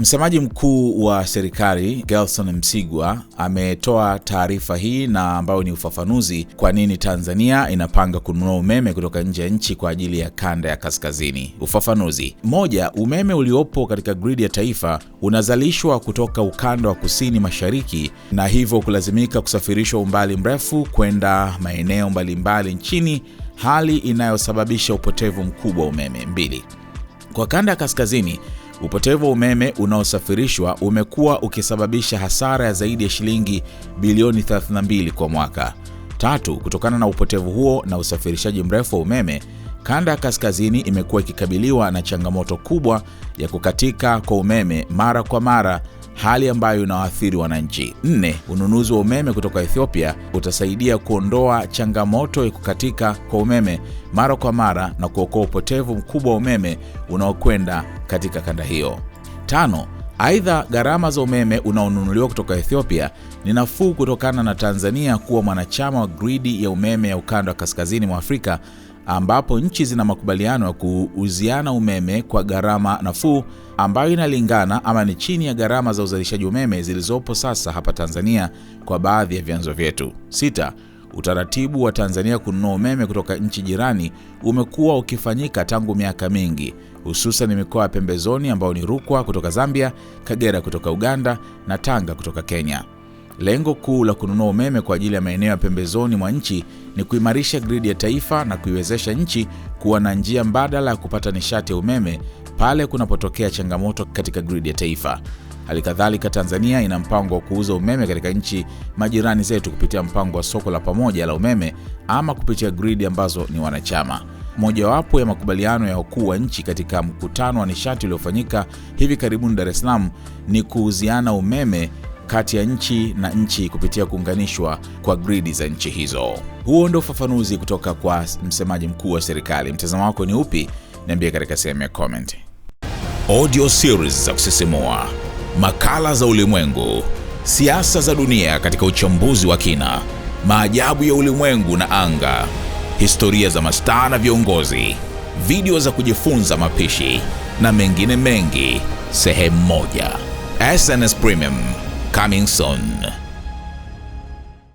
Msemaji mkuu wa serikali Gelson Msigwa ametoa taarifa hii na ambayo ni ufafanuzi kwa nini Tanzania inapanga kununua umeme kutoka nje ya nchi kwa ajili ya kanda ya kaskazini. Ufafanuzi: moja, umeme uliopo katika gridi ya taifa unazalishwa kutoka ukanda wa kusini mashariki na hivyo kulazimika kusafirishwa umbali mrefu kwenda maeneo mbalimbali nchini, hali inayosababisha upotevu mkubwa wa umeme. Mbili, kwa kanda ya kaskazini Upotevu wa umeme unaosafirishwa umekuwa ukisababisha hasara ya zaidi ya shilingi bilioni 32 kwa mwaka. Tatu, kutokana na upotevu huo na usafirishaji mrefu wa umeme, kanda ya kaskazini imekuwa ikikabiliwa na changamoto kubwa ya kukatika kwa umeme mara kwa mara hali ambayo inawaathiri wananchi. Nne, ununuzi wa umeme kutoka Ethiopia utasaidia kuondoa changamoto ya kukatika kwa umeme mara kwa mara na kuokoa upotevu mkubwa wa umeme unaokwenda katika kanda hiyo. Tano, aidha gharama za umeme unaonunuliwa kutoka Ethiopia ni nafuu kutokana na Tanzania kuwa mwanachama wa gridi ya umeme ya ukanda wa kaskazini mwa Afrika ambapo nchi zina makubaliano ya kuuziana umeme kwa gharama nafuu ambayo inalingana ama ni chini ya gharama za uzalishaji umeme zilizopo sasa hapa Tanzania kwa baadhi ya vyanzo vyetu. Sita, utaratibu wa Tanzania kununua umeme kutoka nchi jirani umekuwa ukifanyika tangu miaka mingi, hususan mikoa ya pembezoni ambayo ni Rukwa kutoka Zambia, Kagera kutoka Uganda na Tanga kutoka Kenya. Lengo kuu la kununua umeme kwa ajili ya maeneo ya pembezoni mwa nchi ni kuimarisha gridi ya taifa na kuiwezesha nchi kuwa na njia mbadala ya kupata nishati ya umeme pale kunapotokea changamoto katika gridi ya taifa. Hali kadhalika, Tanzania ina mpango wa kuuza umeme katika nchi majirani zetu kupitia mpango wa soko la pamoja la umeme ama kupitia gridi ambazo ni wanachama. Mojawapo ya makubaliano ya wakuu wa nchi katika mkutano wa nishati uliofanyika hivi karibuni Dar es Salaam ni kuuziana umeme kati ya nchi na nchi kupitia kuunganishwa kwa gridi za nchi hizo. Huo ndio ufafanuzi kutoka kwa msemaji mkuu wa serikali. Mtazamo wako ni upi? Niambie katika sehemu ya comment. Audio series za kusisimua, makala za ulimwengu, siasa za dunia katika uchambuzi wa kina, maajabu ya ulimwengu na anga, historia za mastaa na viongozi, video za kujifunza mapishi na mengine mengi, sehemu moja. SNS Premium. coming soon.